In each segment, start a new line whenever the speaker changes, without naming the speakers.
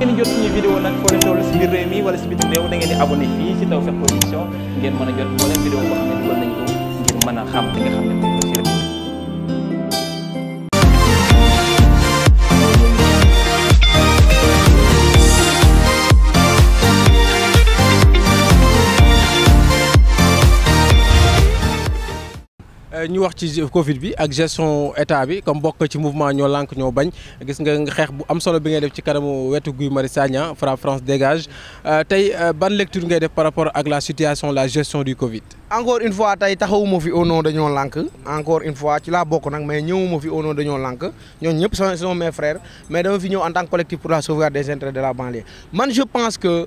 ngeen jot suñu vidéo nag foo leen toll si biir réew mi wala si biir réew da ngeen di abonné fii si Tawfekh ngeen mën a jot moo leen vidéo boo xam ne dugal nañ ko ngir mën a xam xam ñu wax ci Covid bi ak gestion état bi comme bokk ci mouvement ñoo lànk ñoo bañ gis nga xeex bu am solo bi ngay def ci kanamu wetu Guy Marius Sagna Fra France dégage euh, tey euh, ban lecture ngay def par rapport ak la situation la gestion du Covid.
encore une fois tey taxawuma fi au nom dañoo lànk encore une fois ci la bokk nag mais ñëwuma fi au nom dañoo lànk ñoo ñëpp ce sont mes frères mais dama fi ñëw en tant que collectif pour la sauvegarde des intérêts de la banlieue man je pense que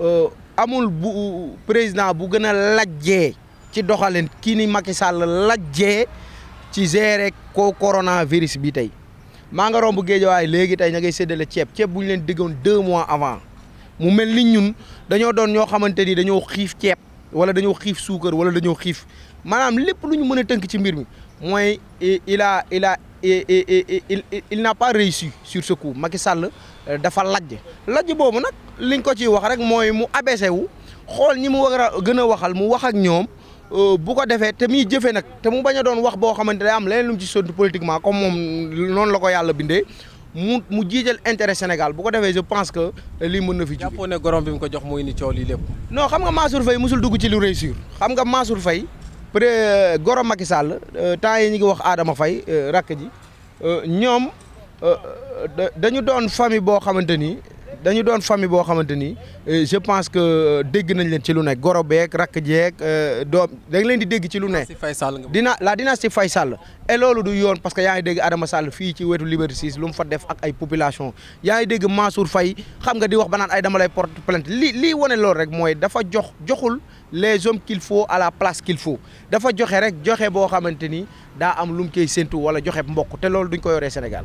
euh, amul bu président bu gën a lajjee. ci doxalin kii ni Macky Sall lajjee ci gérer ko coronavirus bi tey maa nga romb waaye léegi tey ña ngay séddale ceeb ceeb bu ñu leen diggoon deux mois avant mu mel ni ñun dañoo doon ñoo xamante ni dañoo xiif ceeb wala dañoo xiif suukar wala dañoo xiif maanaam lépp lu ñu mën a tënk ci mbir mi mooy il a il a il n'a pas réussi sur ce coup Macky euh, dafa lajj lajj boobu nag liñ ko ci wax rek mooy mu abaissé wu xool ñi mu war gën a waxal mu wax ak ñoom Euh, bu ko defee te muy jëfee nag te mu bañ a doon wax boo xamante ne am leneen lu mu ci sotti politiquement comme moom noonu la ko yàlla bindee mu mu jiijal intérêt Sénégal bu ko defee je pense que lii mën na fi. jóge jàppoo ne gorom bi mu ko jox mooy ni coow lii lépp. no xam nga Mansour Faye mosul dugg ci lu réussir xam nga Mansour fay peut gorom Macky Sall euh, temps yi ñu ngi wax aadama fay euh, rakk ji ñoom dañu doon famille boo xamante ni dañu doon famille boo xamante ni euh, je pense que euh, dégg nañ leen ci lu ne goro beeg rakk jeeg euh, doom dañ leen di dégg ci lu ne. dina la dynastie Faye Sall. et loolu du yoon parce que yaa ngi dégg Adama Sall fii ci wetu Liberté 6 lu mu fa def ak ay population yaa ngi dégg Mansour fay xam nga di wax ba naan ay dama lay porte plainte li lii wane loolu rek mooy dafa jox joxul les hommes qu'il faut à la place qu'il faut dafa joxe rek joxe boo xamante ni daa am lu mu koy séntu wala joxe mbokk te loolu duñ ko yoree Sénégal.